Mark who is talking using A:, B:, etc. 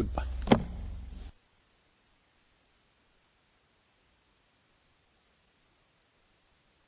A: Goodbye.